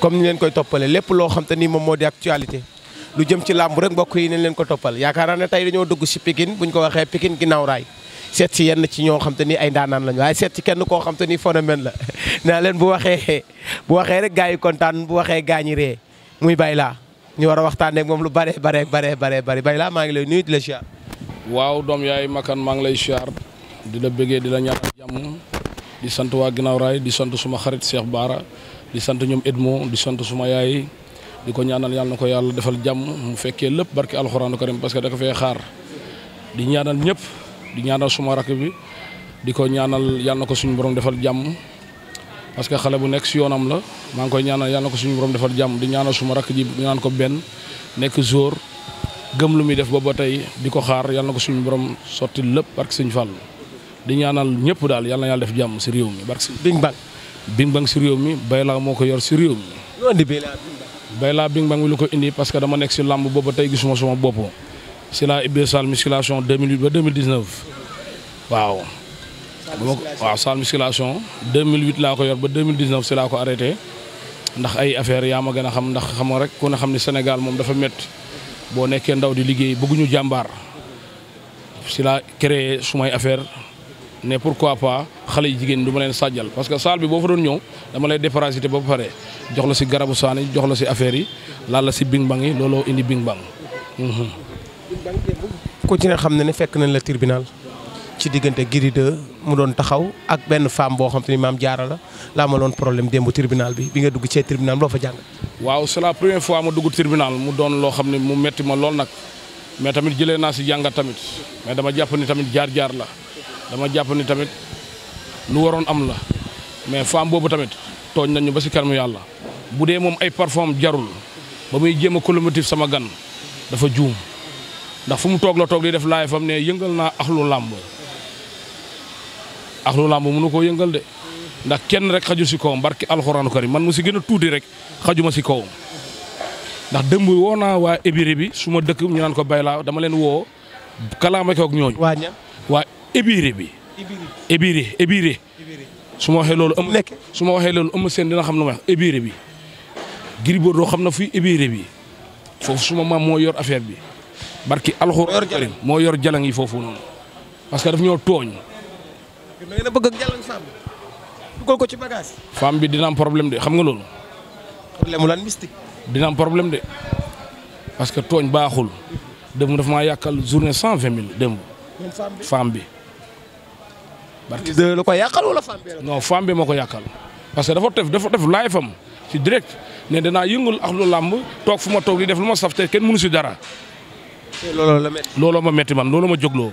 comme ni leen koy toppalee lépp loo xam te ni moom moo di actualité lu jëm ci làmb rek mbokk yi nañ leen ko toppal yaakaar naa ne tey dañoo dugg si bu buñ ko waxee Pikine ginnaaw raay seet si yenn ci ñoo xam te ni ay ndaanaan lañu waaye seet si kenn koo xam te ni phénomène la naa leen bu waxee bu waxee rek gaa yi kontaan bu waxee gaa ree muy bay laa ñu war a waxtaanee ak moom lu bare bare bare bare bay laa maa ngi lay nuyu di la siyaar waaw doom y makan maa ngi lay siyaar di la bëggee di la ñaanal jàmm di sant waa ginnaaw di sant suma xarit Cheikh Bara di sant ñoom Edmo di sant suma yaay di ko ñaanal yàlla na ko yàlla defal jàmm mu fekkee lépp barke alxuraanu karim parce que da ko xaar di ñaanal ñëpp di ñaanal suma rakk bi di ko ñaanal yàlla na ko suñu borom defal jàmm parce que xale bu nekk si yoonam la maa ngi koy ñaanal yàlla ko suñu borom defal jàmm di ñaanal suma rakk ji ñu ko benn nekk jour gëm lu muy def ba ba tey di ko xaar yàlla na ko suñu borom sotti lépp barke suñu fàll di ñaanal ñëpp daal yàlla na yàlla def jàmm si réew mi barke bing bang si réew mi Bayla moo ko yor si réew mi. lu andi Bayla bing bang. lu ko indi parce que dama nekk si làmb booba ba tey gisuma suma bopp si laa ubbee salle musculation 2008 ba 2019 waaw. waaw salle musculation 2008 laa ko yor ba 2019 si laa ko arrêté ndax ay affaire yaa ma gën a xam ndax xam rek ku ne xam ne Sénégal moom dafa métti boo nekkee ndaw di liggéey bëgguñu jàmbaar si laa créé sumay affaire ne pourquoi pas xale yu jigéen du ma leen sàjjal parce que salle bi boo fa doon ñëw dama lay déparasité ba pare jox la si garabu saani jox la si affaire yi laal la si bing bang yi looloo indi bing bang. Mhm. ku ci ne xam ne ne fekk nañ la tribunal ci diggante Gris 2 mu doon taxaw ak benn femme boo xam te ni maam jaara la laa ma loon problème démb tribunal bi bi nga dugg ci tribunal loo fa jàng. waaw c'est la ma dugg tribunal mu doon loo xam ne mu metti ma lool nag mais tamit jëlee naa si jàngat tamit mais dama jàpp tamit jaar-jaar la dama jàpp ni tamit lu waroon am la mais femme boobu tamit tooñ nañu ba si kanamu yàlla bu dee moom ay parfum jarul ba muy jéem a colomotive sama gan dafa juum ndax fu mu toog la toog di def laay fam ne yëngal naa axlu làmb axlu làmb mënu koo yëngal de ndax kenn rek xaju si kawam barki alxuraanu karim man mu si gën a tuuti rek ma si kawam ndax dëmb woo naa waa bi su ma dëkk ñu naan ko bay dama leen woo kalaama ko ak ébiré bi. ébiré ébiré su ma waxee loolu. nekk su ma waxee loolu Eumeu Sène dina xam na ma ébiré bi. Gris Bordeaux xam na fuy ébiré bi foofu suma maam moo yor affaire bi barki alxuraan karim moo yor jalang yi foofu noonu parce que daf ñoo tooñ. da ngeen a bëgg ak jalang bi dina am problème de xam nga loolu. problème mu lan dina am problème de parce que tooñ baaxul. démb dafa maa yàkkal journée cent vingt mille démb. femme bi. barki de la ko yàqal wala femme bi non femme bi ma ko yàqal parce que def dafa def laay fam ci direct ne danaa yëngul ak lu làmb toog fu ma toog di def lu ma saf te kenn mënu si dara. la looloo ma métti man looloo ma jógloo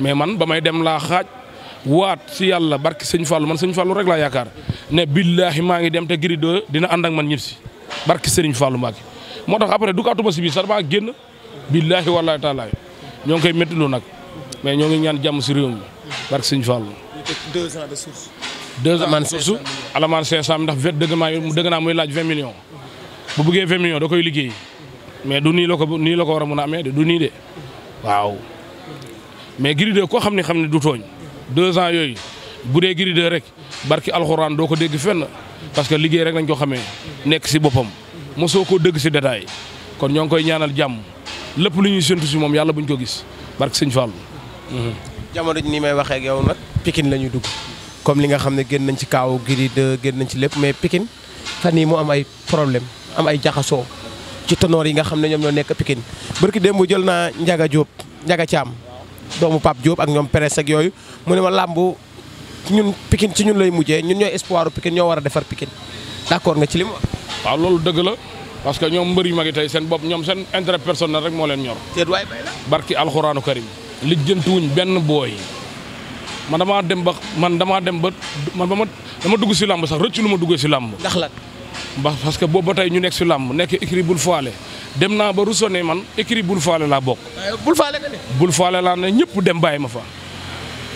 mais man ba dem laa xaaj waat si yàlla barki sëñ Fallou man sëñ Fallou rek laa yaakaar ne billaahi maa ngi dem te Gris 2 dina ànd ak man ñëpp si barki sëriñ Fallou Mbacke moo tax après duggaatuma si biir sax damaa génn billaahi wallaahi taalaa ñoo ngi koy métti lu nag mais ñoo ngi ñaan jàmm si réew mi barke Sëñ Fall. deux ans de suuf. deux ans man ah, suuf alamaan 500 ndax vingt dëgg maa dëgg naa muy laaj 20 millions. bu bëggee 20 millions da koy liggéey. mais du nii la ko nii la ko war a mën a amee de du nii de waaw. mais Gris koo xam ne xam ne du tooñ. deux ans yooyu bu dee Gris 2 rek barki alxuraan doo ko dégg fenn parce que liggéey rek lañ ko xamee. nekk si boppam. mosoo koo dégg si détail kon ñoo ngi koy ñaanal jàmm lépp lu ñuy séntu si moom yàlla bu buñ ko gis barki Sëñ Fall. Mhm. jamono ji ni may waxee ak yow nag Pikine la ñu dugg comme li nga xam ne génn nañ ci kaaw Gris 2 génn nañ ci lépp mais pikin fan yii mu am ay problème am ay jaxasoo ci tonoor yi nga xam ne ñoom ñoo nekk Pikine barki démb jël naa Njaga Diop Njaga Caam doomu Pape Diop ak ñoom presse ak yooyu mu ne ma làmb ñun Pikine ci ñun lay mujjee ñun ñooy espoiru Pikine ñoo war a defar Pikine d'accord nga ci li mu wax. waaw loolu dëgg la parce que ñoom mbër yu mag yi tey seen bopp ñoom seen intérêt personnel rek moo leen ñor. barki alxuraanu karim lijjantiwuñ benn booy man damaa dem ba man damaa dem ba man ba ma dama dugg si làmb sax rëcc lu ma duggee si làmb. ndax la parce que boobu ba tey ñu nekk si làmb nekk écrit bul faale dem naa ba rusone man écrit bul faale laa bokk. Euh, bul faale nga ne. bul faale laa ne ñëpp dem bàyyi ma fa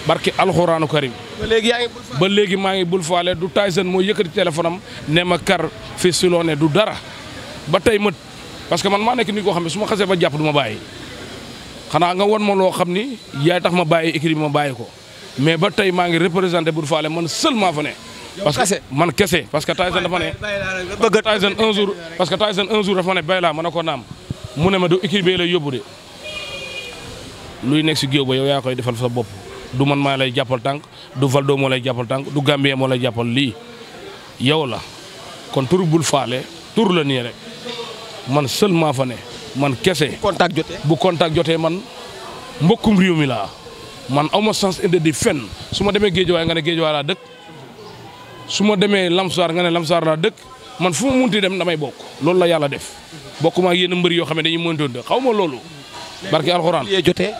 barki alxuraanu karim. ba léegi yaa ba léegi maa ngi bul faale du Tyson moo yëkkati téléphone am ne ma kar fi si loo du dara ba tey ma parce que man maa nekk ni koo xam ne su ma xasee ba jàpp du bàyyi. xanaa nga wan ma loo xam ni yaay tax ma bàyyi équipe ma bàyyi ko mais ba tey maa ngi représenté Bou Fallé man seulement fa ne. parce que man kese parce que Tyson dafa ne. bëgg Tyson un jour parce que Tyson un jour dafa ne bay laa mën a ko naam mu ne ma du équipe la lay yóbbu de luy nekk si géew ba yow yaa koy defal sa bopp du man maa lay jàppal tànk du Valdo moo lay jàppal tànk du Gambien moo lay jàppal lii yow la kon tur bul Fallé tur la nii rek man seulement fa man kese. contact jotee bu contact jotee man mbokkum réew mi laa man aw ma sens indi di fenn su ma demee géejawaay nga ne géejawaay laa dëkk su ma demee lamsaar nga ne lamsaar laa dëkk man fu ma munti dem may bokk loolu la yàlla def bokk maa ak yenn mbër yoo xam ne dañuy mëntoon xaw ma loolu. barke alxuraan jotee.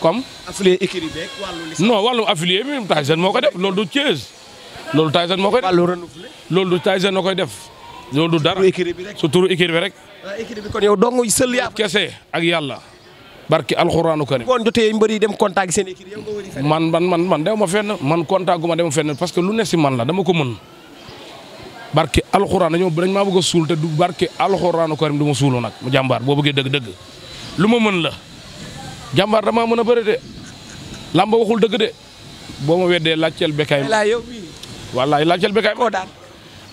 comme affilié écurie beeg wàllu. non wàllu affilié bi Tyson moo ko def loolu du Thiès loolu Tyson moo koy def. wàllu renouvelé loolu du Tyson moo koy def. loolu du dara su turu équipe bi rek. waaw ah, équipe bi kon yow dong sël yaa kese ak yàlla. barki alxuraanu karim. kon jotee mbër yi dem contact seen man man man man dew ma fenn man contact gu ma dem fenn parce que lu ne si man la dama ko mën. barki alxuraan dañoo dañ maa bëgg a suul te du barki alxuraanu karim du ma suuloo nag mu jàmbaar boo bëggee dëgg dëgg. lu ma mën la jàmbaar damaa mën a bëri de lamba waxul dëgg de boo ma weddee laajteel bekkaay. wallaay laajteel bekkaay.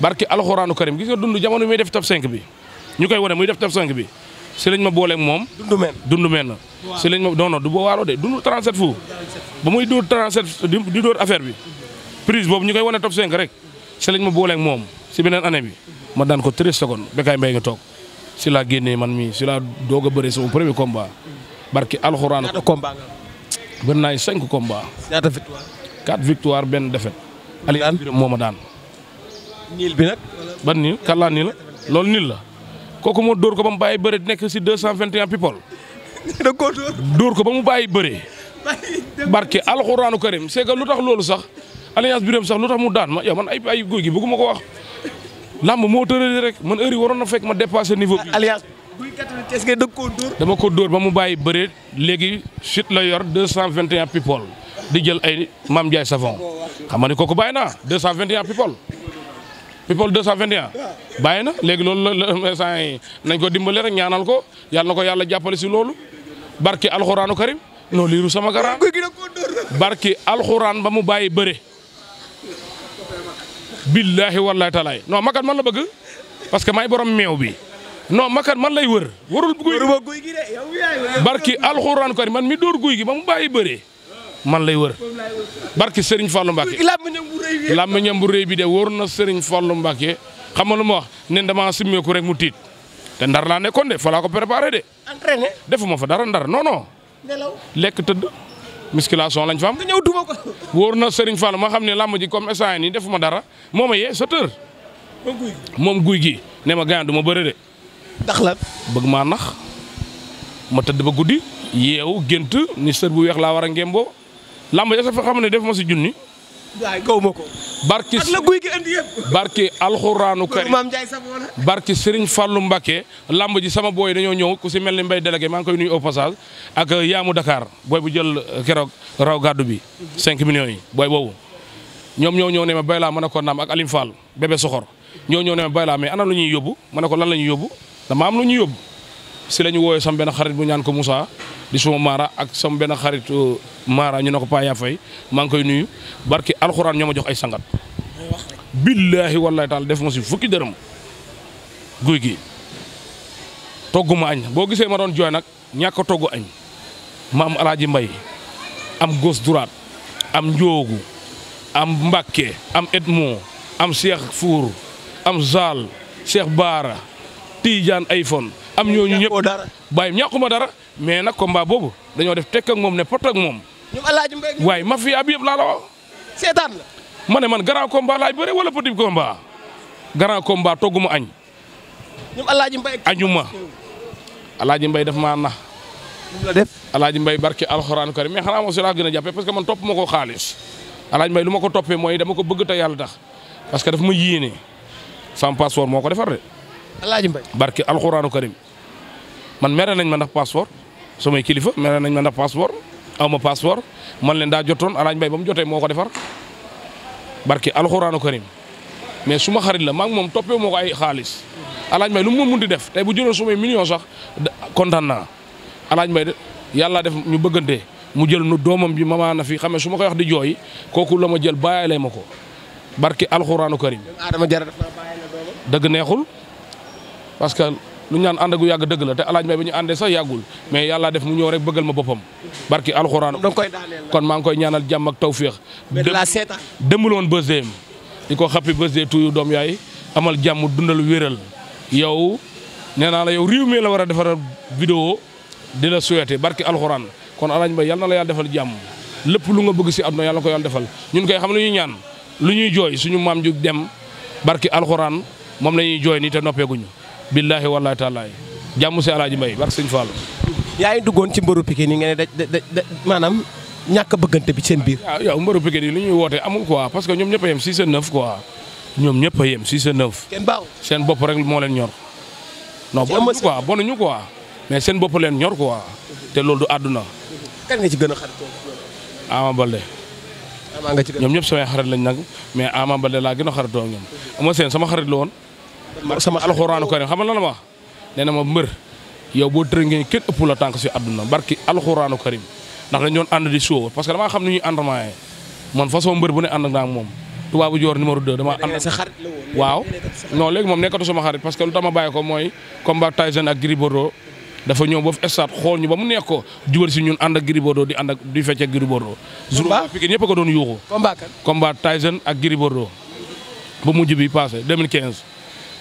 barki alxuraanu karim gis nga dund jamono muy def top 5 bi ñu koy wane muy def top 5 bi si ma booleeg moom. dund meen dund meen na. si lañ ma non non du bo waalo de dund 37 fu. ba muy dóor 37 di dóor bi. prise boobu ñu koy wane top 5 rek si lañ ma booleeg moom si beneen année bi ma daan ko 3 secondes Bécaye Mbaye nga toog si laa génnee man mii si laa doog a bëree sama premier combat. barki alxuraanu. ñaata combat nga am. bari naa 5 combat. ñaata victoire. 4 victoire benn défaite. Aliou moo ma daan. niil bi nag. ban niil kàllaa niil la loolu niil la kooku moo dóor ko ba mu bàyyi bëre nekk si 221 people. da koo dóor ko ba mu bàyyi bëre. barke alxuraanu karim c'est que lu tax loolu sax alliance biram sax lu tax mu daan ma yow man ay ay guy gi bëgguma ko wax. làmb moo tëradi rek man heure yi waroon na fekk ma dépassé niveau bi. alliance guy est-ce que dama ko dóor ba mu bàyyi bëre léegi chute la yor 221 people di jël ay Mame Ndiaye Savon xam nga ni kooku bàyyi naa 221 people. people 221 bàyyi na léegi loolu la instant yi nañ ko dimbale rek ñaanal ko yàlla na ko yàlla jàppale si loolu barki alxuraanu karim non liiru sama garaan barki alxuraan ba mu bàyyi bëre billaahi wallaahi talaay non makat man la bëgg parce que maay borom meew bi non makat man lay wër warul guy gi barki alxuraanu karim man mi dóor guy gi ba mu bàyyi bëre man lay wër barki Serigne Fallou Mbacke. làmmiñam bu rëy bi de wóor na Serigne Fallou Mbacke xam nga lu ma wax ne damaa simmeeku rek mu tiit te ndar laa nekkoon de fa laa ko préparé de. defuma fa dara ndar non lekk tëdd. musculation lañ fa am. nga ñëw na Serigne Fallou ma xam ne làmb ji comme instant nii defuma dara moo ma yee sa moom guy gi ne ma gaañ du ma bëre de. ndax la bëgg maa nax ma tëdd ba guddi yeewu gént ni sër bu weex laa war a ngemboo làmb ja sa fa xam def ma si junni. waaw ma ko. barki ak la guy gi andi yëpp. barki ji sama booy dañoo ñëw ku si mel ni mbay délégué maa ngi koy nuyu au ak yaamu dakaar booy bu jël keroog raw gàddu bi. 5 millions yi booy boobu. ñoom ñoo ñëw ne ma bay laa mën a ko naam ak Alim Fall bébé soxor ñoo ñëw ne ma bay laa mais ana lu ñuy yóbbu ma ne ko lan la ñuy yóbbu dama am lu ñuy yóbbu. si lañu ñu woowee sama xarit bu ñaan ko Moussa di suma Mara ak sama benn xarit euh, Mara ñu ne ko Paya Faye maa ngi koy nuyu barki alxuraan ñoo ma jox ay sangat. billaahi wallaahi taala def ma si fukki dërëm guy gi togg añ boo gisee ma doon jooy nag ñàkk a togg añ ma am alaaji mbay am gos duraat am njoogu am mbàkke am Edmond am Cheikh Four am Zal Cheikh Baara Tidiane iPhone am ñooñu ñëpp bàyyi ñàkkuma dara mais nag combat boobu dañoo def tekk ak moom ne pot ak moom. ñoom Alaaji Mbaye waaye ma fi ab yëpp laa la wax. ne man grand combat laay wala petit combat. grand combat togguma añ. ñoom Alaaji Mbaye. añu ma Alaaji Mbaye daf maa nax. la def Alaaji Mbaye barke alxuraan karim mais xanaa moom si laa gën a jàppee parce que man topp ma ko xaalis. Alaaji lu ma ko toppee mooy dama ko bëgg te yàlla tax parce que daf ma yéene. sam passeport moo ko defar de. barke alxuraanu karim man mere nañ ma ndax passeport samay kilifa mere nañ ma ndax passeport aw ma passeport man leen daa jotoon alaaj mbay ba mu jotee moo ko defar barke alxuraanu karim mais su ma xarit la maa moom toppee moo ko ay xaalis alaaj mbay lu mu mun di def tey bu jëloon sumay million sax kontaan naa alaaj mbay yàlla def ñu bëggante mu jël nu doomam bi mama na fi xam su ma koy wax di jooy kooku la ma jël bàyyi lay ma ko barke alxuraanu karim dëgg neexul parce lu ñaan naan ànd gu yàgg dëgg la te alaaj may bi ñu àndee sax yàggul mais yàlla def mu ñëw rek bëggal ma boppam barki alxuraan kon maa ngi koy ñaanal jàmm ak tawféex demul woon bësdeem di ko xappi bësdee tuyu doom yaay amal jàmm dundal wéral yow nee naa la yow réew la war a defaral vidéo di la souhaité barki alxuraan kon alaaj may yàlla na la yàlla defal jàmm lépp lu nga bëgg si àdduna yàlla ko yàlla defal ñun koy xam lu ñuy ñaan lu ñuy jooy suñu maam ju dem barki alxuraan moom la ñuy jooy nii te noppeeguñu billaahi wallaahi taalaa jàmm si alaaji mbay barke sëñ Fall. yaa ngi duggoon ci mbëru Pikine yi nga ne da da maanaam ñàkk bëggante bi seen biir. waaw yow mbëru Pikine yi li ñuy woote amul quoi parce que ñoom ñëpp a yem 6 9 quoi ñoom ñëpp a yem 6 9. kenn baaw seen bopp rek moo leen ñor. non bonuñu quoi bonuñu quoi mais seen bopp leen ñor quoi te loolu du àdduna. kan nga ci gën a xaritoo. Ama Balde. Ama ci gën a ñoom ñëpp samay xarit lañ nag mais Ama Balde laa gën a xaritoo ak ñoom. ama seen sama xarit la woon. sama alxuraanu karim xam nga lan la ma wax na ma mbër yow boo tërëngee kenn ëpp la tànk si àdduna barki alxuraanu karim ndax dañ doon ànd di sóo parce que damaa xam ni ñuy àndement yi man façon mbër bu ne ànd naa moom tubaabu joor numéro 2 dama waaw non léegi moom sama xarit parce que lu tax ko mooy combat Tyson dafa ñëw ba fi stade xool ñu ba mu nekk ko jubal si ñun ànd ak Gris Bordeaux di ànd ak di fecc ak Gris Bordeaux jour piqué ñëpp ko doon yuuxu combat Tyson ak Gris Bordeaux ba mu bi passé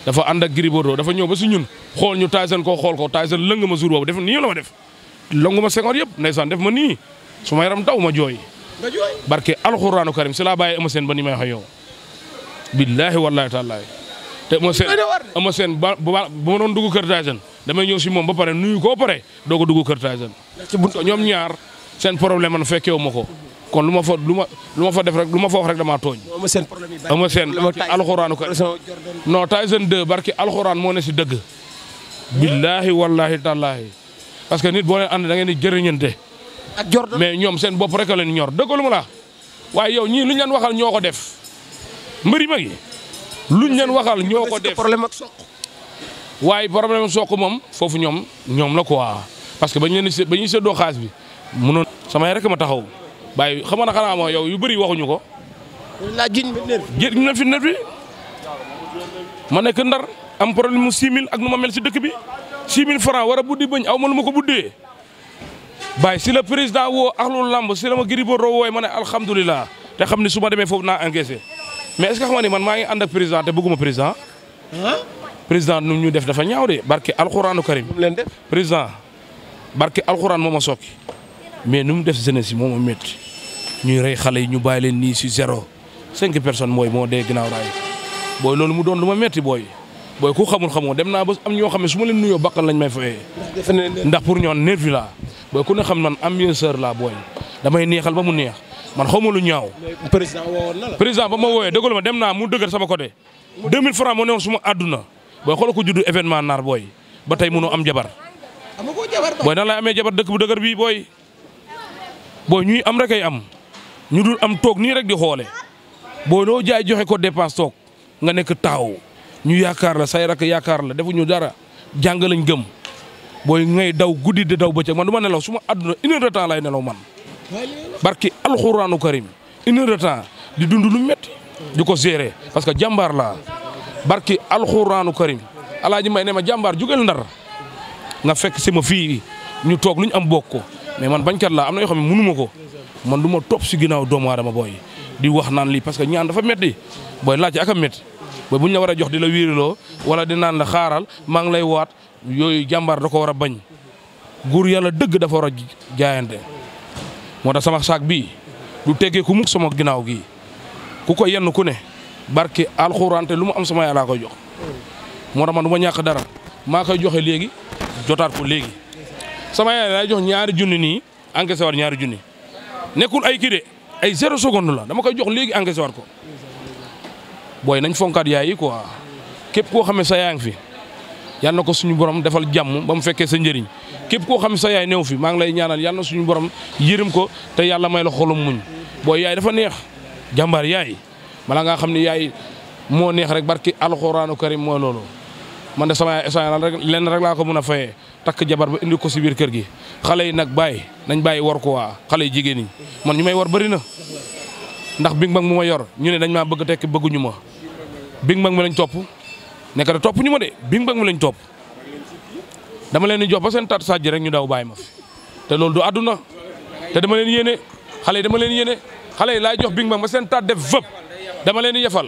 dafa ànd ak Gris Bordeaux dafa ñëw ba si ñun xool ñu Tyson koo xool ko Tyson lëng ma jour boobu def nii la ma def lëngu ma sengoor yëpp ndeysaan def ma nii su ma yaram daw ma jooy nga jooy barke alxuraanu karim si la bàyyi Eumeu seen ba ni may wax yow billaahi wallaahi taalaahi te Eumeu seen Eumeu Sène ba ba ma doon dugg kër Tyson damay ñëw si moom ba pare nuyu koo pare doo ko dugg kër Tyson ñoom ñaar seen problème man fekkewu ma ko kon lu ma fa lu ma lu ma fa def rek lu ma fa wax rek damaa tooñ. ama seen problème yi bari ama seen barki alxuraan ko non Tyson 2 barki alxuraan moo ne si dëgg. billaahi wallaahi tallaahi parce que nit boo leen ànd da ngeen di jëriñante. ak Jordan mais ñoom seen bopp rek a leen ñor dëggalu ma la waaye yow ñii luñ leen waxal ñoo ko def mbëri mag yi luñ leen waxaal ñoo ko def problème ak soq. waaye problème soq moom foofu ñoom ñoom la quoi parce que ba leen di bañ ñu séddoo xaas bi mënoon. samay rek ma taxaw. bàyyi xam na xanaa mooy yow yu bëri waxuñu ko. la jiñ na fi nerf fi ma nekk ndar am problème mu 6000 ak nu ma mel si dëkk bi 6000 francs war a buddi bëñ aw ma lu ma ko buddee. bàyyi si la président woo axlu lamb si la ma Gris Bordeaux wooy ma ne alhamdulilah te xam ne su ma demee foofu naa encaissé mais est ce xam nga ni man maa ngi ànd ak président te bëgguma président. président nu ñu def dafa ñaaw de barke alxuraanu karim. président barke alxuraan moo ma sokki mais nu mu def jeunesse yi moom a métti ñuy rey xale yi ñu bàyyi leen nii si zéro cinq personnes mooy moo dee ginnaaw raay booy loolu mu doon lu ma métti booy booy ku xamul xamoo dem naa ba am ñoo xam ne su ma leen nuyoo bakkan lañ may fayee. ndax pour ñoo nervi laa booy ku ne xam man ambianceur laa booy damay neexal ba mu neex man xaw ma lu ñaaw. président woowoon na ba ma wooyee dëggal ma dem naa mu dëgër sama côté. 2000 francs moo newoon suma àdduna booy xoolal ko juddu événement naar booy ba tey mënoo am jabar. booy ñuy am rek ay am ñu dul am toog nii rek di xoole boo doo jaay joxe ko dépense toog nga nekk taaw ñu yaakaar la say rakk yaakaar la defuñu dara jàng lañ gëm booy ngay daw guddi di daw bëccëg man du ma nelaw su ma àdduna une heure de temps lay nelaw man. barki alxuraanu karim une heure de temps di dund lu métti di ko gérer parce que jàmbaar laa barki alxuraanu karim alaaji may ne ma jàmbaar jugeel ndar nga fekk si ma fii ñu toog lu ñu am bokk ko. mais man bañkat laa am na yoo xam ne mënuma ko man du ma topp si ginnaaw doomu aadama booy di wax naan lii parce que ñaan dafa métti booy laaj ak a booy bu ñu la war a jox di la wiiriloo wala di naan la xaaral maa lay waat yooyu jàmbaar da ko war a bañ góor yàlla dëgg dafa war a jaayante moo tax sama saak bii du teggee ku mukk sama ginnaaw gii ku ko yenn ku ne barke alxuraante lu mu am sama yàllaa koy jox moo tax man du ma dara maa koy joxe léegi jotaat ko léegi sama yaay jox ñaari junni nii encaissé war ñaari junni nekkul ay kii ay zéro seconde la dama koy jox léegi encaissé war ko booy nañ fonkaat yaay yi ko képp koo xam ne sa yaa ngi fi yal na ko suñu borom defal jàmm ba mu fekkee sa njëriñ képp koo xam ne sa yaay new fi maa ngi lay ñaanal yal na suñu borom yërëm ko te yàlla may la xolum muñ booy yaay dafa neex jàmbaar yaay bala ngaa xam ne yaay moo neex rek barki alxuraanu karim mooy loolu man de sama yaay rek lenn rek laa ko mën a fayee takk jabar ba indi ko si biir kër gi xale yi nag bàyyi nañ bàyyi war ko waa xale yi jigéen ñi man ñu may war bëri na ndax bing bang mu ma yor ñu ne dañ maa bëgg tekki bëgguñu ma bing bang mi lañ topp nekk da topp ñu ma de bing bang mu lañ topp dama leen di jox ba seen taatu sàjj rek ñu daw bàyyi ma fi te loolu du àdduna te dama leen yéene xale yi dama leen yéene xale yi laay jox bing bang ba seen taat def vëpp dama leen yefal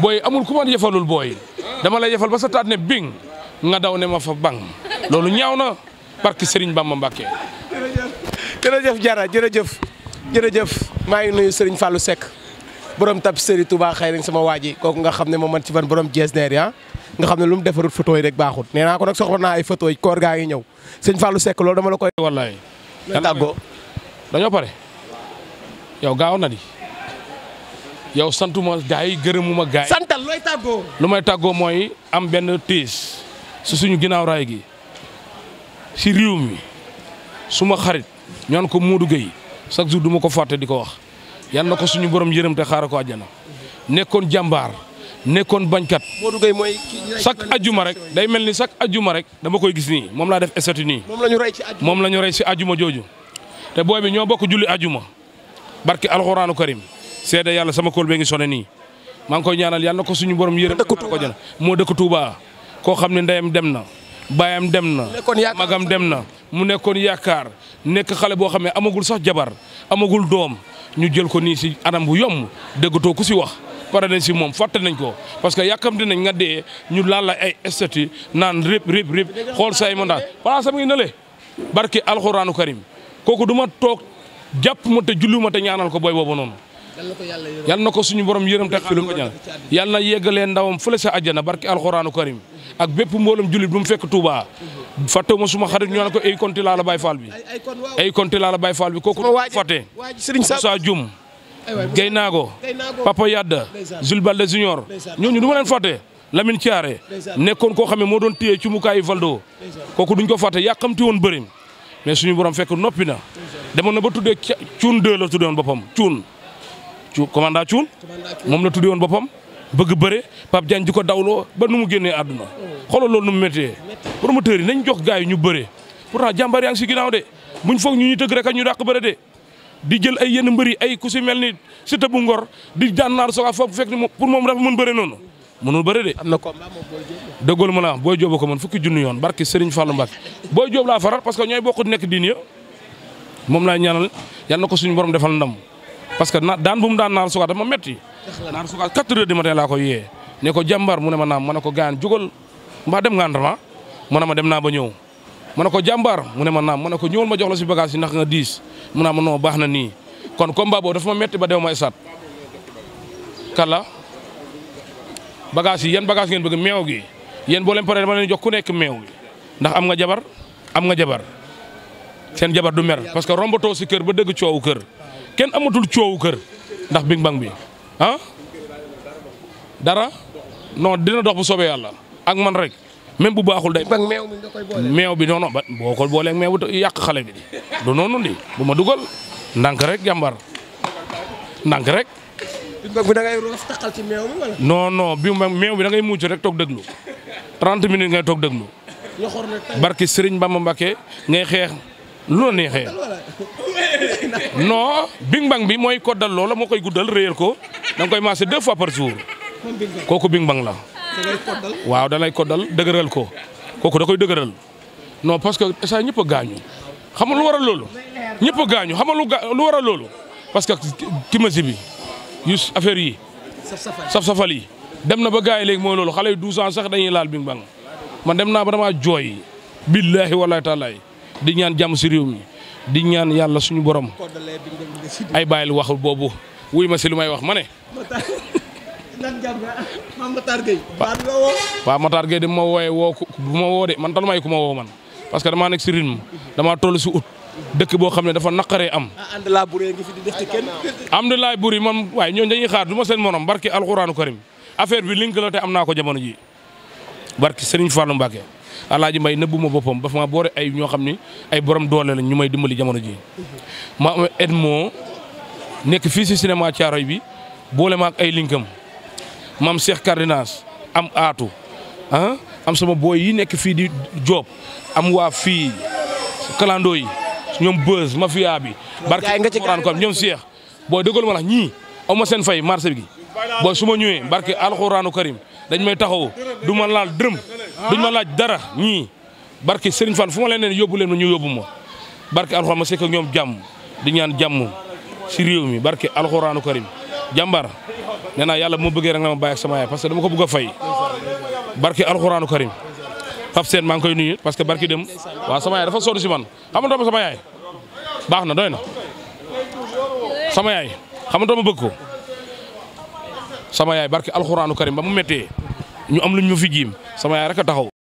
booy amul ku ma yefalul booy dama lay yefal ba sa taat ne bing nga daw ne ma fa bang loolu ñaaw na sëriñ Serigne Bamba Mbacke. jërëjëf Diarra jërëjëf jërëjëf maa ngi nuyu sëriñ fàllu sekk borom tapisserie Touba xëy nañ sama waa ji kooku nga xam ne moom man ci fan borom jees neer ya ah. nga xam ne lu mu defarul photo rek baaxut nee naa ko nag soxla naa ay photo yi koor gaa ngi ñëw sëñ Fallou sekk loolu dama la koy. wallaay tàggoo dañoo pare yow gaaw na di yow santuma gaa yi gërëmuma gaa yi santal looy tàggoo lu may tàggoo mooy am benn tiis su suñu ginnaaw raay gi si réew mi suma xarit ñoo ñaan ko Modou Gueye chaque jour du ko fàtte di ko wax yal na ko suñu borom yërëm te xaaral ko àjjana nekkoon jàmbaar nekkoon bañkat. Modou Gueye mooy chaque ajuma rek day mel ni chaque ajuma rek dama koy gis nii moom laa def estati nii. moom la ñu rey ci ajuma la ñu si ajuma jooju. te booy bi ñoo bokk julli ajuma barke alxuraanu karim seede yàlla sama kóol bee ngi sone nii maa ngi koy ñaanal yal na ko suñu borom yërëm. moo dëkk Touba moo dëkk Touba koo xam ne ndeyam dem na. baayam dem na magam dem na mu nekkoon yaakaar nekk xale boo xam ne amagul sax jabar amagul doom ñu jël ko nii si anam bu yomb déggatoo ku si wax pare nañ si moom fàtte nañ ko parce que yàkkamti nañ nga dee ñu laal la ay statut naan rëb rëb rëb xool say mandat place am ngi na le barki alxuraanu karim kooku duma toog jàpp ma te julliwuma te ñaanal ko booy boobu noonu yal na ko suñu borom yërëm te xaaral ko jana yal na yeggalee ndawam fële sa àjjana barki alxuraanu karim ak bépp mboolum jullit bu mu fekk Touba fàttewuma suma xarit ñu naan ko ay konti laa la Baye Fall bi ay konti laa la Baye Fall bi kooku fàtte Moussa Dioum Guèye Nago Papa Yadda Jules Balde Junior ñooñu du ma leen fàtte Lamine Thiaré nekkoon koo xam ne moo doon téye ci mukaayu Valdo kooku duñ ko fàtte yàqamti woon bërim mais suñu borom fekk noppi na demoon na ba tuddee cuun deux la tuddoon boppam cuun cu commandant Cuun moom la tuddi woon boppam bëgg bëre Pape Diagne di dawloo ba nu mu génnee àdduna xoolal loolu nu mu méttee promoteurs yi nañ jox gars yi ñu bëre pourtant jàmbaar yaa ngi si ginnaaw de buñ foog ñu ñu tëgg rek a ñu dàq bëre de di jël ay yenn mbëri ay ku si mel ni Siteu bu Ngor di daan naar soog a fekk ni pour moom dafa mën bëre noonu mënul bëre de. am na la Boy Diop ko mën fukki junni yoon barki Serigne Fallou Mbacke Boy Diop laa faral parce que parce que na daan bu mu daan naar sukaar dama metti naar sukaar 4 heures du matin laa ko yee ne ko jàmbar mu ne ma naam ma ne ko gaan jógal mbaa dem nga entraînement mu ne ma dem naa ba ñëw ma ne ko jàmbar mu ne ma naam ma ne ko ñëwal ma jox la si bagage yi ndax nga diis mu naa ma non baax na nii kon combat boobu dafa ma metti ba dew ma esat kala bagage yi yan bagage ngeen bëgg meew gi yéen boo leen paree dama leen jox ku nekk meew gi ndax am nga jabar am nga jabar seen jabar du mer parce que rombatoo si kër ba dëgg coowu kër kenn amatul coowu kër ndax Big Bang bi ah dara non dina dox bu soobee yàlla ak man rek même bu baaxul day. bang meew bi non boo ko booleeg meew bi yàq xale bi du noonu di bu ma dugal ndànk rek jàmbar ndànk rek. Big Bang bi da ngay roos taxal ci meew bi meew bi da ngay mucc rek toog déglu 30 minutes ngay toog déglu. barki Serigne Bamba Mbacké ngay xeex. lu la neexee non bing bi mooy koddal loola moo koy guddal réer ko da nga koy maase deux fois par jour kooku bing bang la. waaw da lay koddal dëgëral ko kooku da koy dëgëral non parce que saa ñëpp gaañu xam nga lu war a loolu ñëpp gaañu xam nga lu lu war a loolu parce que timasi bi yu affaire yi. saf safal yi dem na ba gars yi léegi mooy loolu xale yu 12 ans sax dañuy laal bing bang man dem naa ba damaa jooy. billaahi wallaahi taalaay di ñaan jàmm si réew mi di ñaan yàlla suñu borom ay bàyyil wax boobu wuy ma si lu may wax ma ne. waaw Matar Gueye de ma wooyee woo ku ma woo de man talumay ku ma woo man parce que damaa nekk si rythme damaa toll si ut dëkk boo xam ne dafa naqaree am. ah Andalaay Boury ngi fi di def ci man waaye ñooñu dañuy xaar du ma seen morom barki alxuraanu karim affaire bi link la te am naa ko jamono ji barki Serigne Fallou Mbacke. alaaji mbay nëbbu ma boppam dafa ma boore ay ñoo xam ni ay borom doole la ñu may dimbali jamono ji ma am Edmond nekk fii si cinéma Thiaroye bi boole ma ak ay linkam mam seex Cardinals am aatu ah am sama booy yi nekk fii di joob am waa fii kalandoo yi ñoom ma mafia bi. barke alxuraan ko am ñoom Cheikh boo dëggal ma la ñii aw ma seen fay marché bi booy su ma ñëwee barke alxuraanu Karim dañ may taxaw du ma laal dërëm. duñ ma laaj dara ñii barki Serigne fan fu ma leen ne leen ma ñu yóbbu ma barke alxuraan ma sekk ñoom jàmm di ñaan jàmm si réew mi barke alxuraanu karim jàmbar nee naa yàlla bu ma bëggee rek na ma bàyyi ak sama yaay parce que dama ko bëgg a fay barke alxuraanu karim Pape seen man koy nuyu parce que barke dem waaw sama yaay dafa sonn si man xam nga sama yaay baax na doy na sama yaay xam nga ma bëgg ko sama yaay alxuraanu karim ba mu méttee ñu am luñ ma fi jiim sama yaay rek a taxaw.